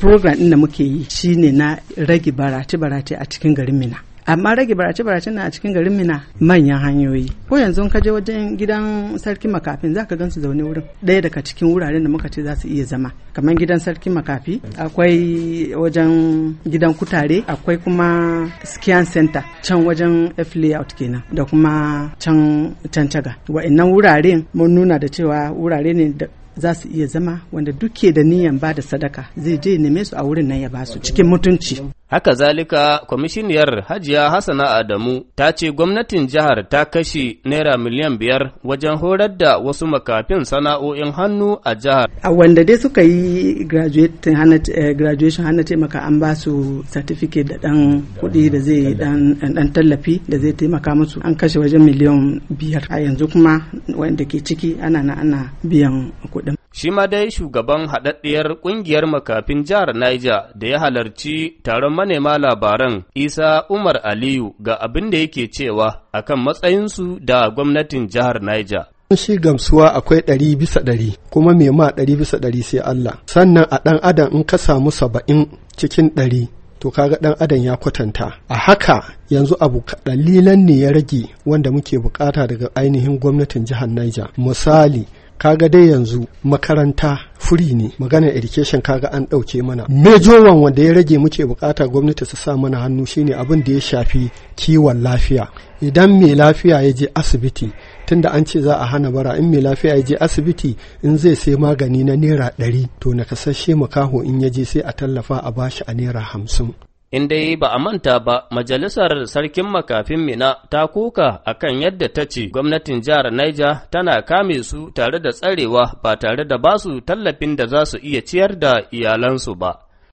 program ɗin da muke yi shine na rage barace-barace a cikin garin Mina. amma rage barace-barace na a cikin garin mina manyan hanyoyi ko yanzu ka je wajen gidan sarki makafi za ka gansu zaune wurin ɗaya daga cikin wuraren da muka ce za su iya zama kamar gidan sarki makafi akwai wajen gidan kutare akwai kuma scan center can wajen f layout kenan da kuma can can caga wa'annan wuraren mun nuna da cewa wurare ne da. za su iya zama wanda duke da niyan ba da sadaka zai je neme su a wurin nan ya ba su cikin mutunci Haka zalika, kwamishiniyar Hajiya Hassana Adamu ta ce gwamnatin jihar ta kashe Naira miliyan biyar wajen horar da wasu makafin sana'o'in hannu a jihar. A wanda dai suka yi eh, graduation hana taimaka an ba su certificate da ɗan kuɗi da zai ɗan tallafi da zai taimaka musu an kashe wajen miliyan biyar. A yanzu kuma wanda ke ciki ana na ana biyan kuɗin. Shi ma dai shugaban haɗaɗɗiyar ƙungiyar makafin jihar Niger da ya halarci taron manema labaran Isa Umar Aliyu ga abin da yake cewa akan matsayinsu da gwamnatin jihar Niger. shi gamsuwa akwai ɗari bisa ɗari kuma mai ma ɗari bisa ɗari sai Allah sannan a ɗan adam in ka samu saba'in cikin ɗari to kaga ɗan adam ya kwatanta a haka yanzu abu ɗalilan ne ya rage wanda muke bukata daga ainihin gwamnatin jihar Niger misali kaga dai yanzu makaranta furi ne maganar education kaga an ɗauke mana mejowan wanda ya rage muke bukata gwamnati su sa mana hannu shine abin da ya shafi kiwon lafiya idan mai lafiya ya je asibiti tunda an ce za a hana bara in mai lafiya ya je asibiti in zai sai magani na naira ɗari to na kasashe makaho in ya je sai a tallafa a bashi a naira hamsin In dai ba a manta ba, Majalisar Sarkin Makafin Mina ta kuka a kan yadda ta ce gwamnatin jihar Niger tana kame su tare da tsarewa ba tare da basu tallafin da za su iya ciyar da iyalansu ba.